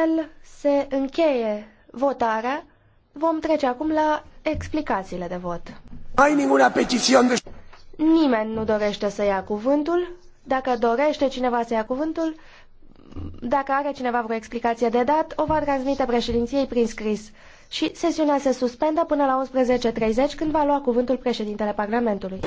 El se încheie votarea. Vom trece acum la explicațiile de vot. Ai ninguna petiție de... Nimeni nu dorește să ia cuvântul. Dacă dorește cineva să ia cuvântul, dacă are cineva vreo explicație de dat, o va transmite președinției prin scris. Și sesiunea se suspendă până la 11.30 când va lua cuvântul președintele Parlamentului.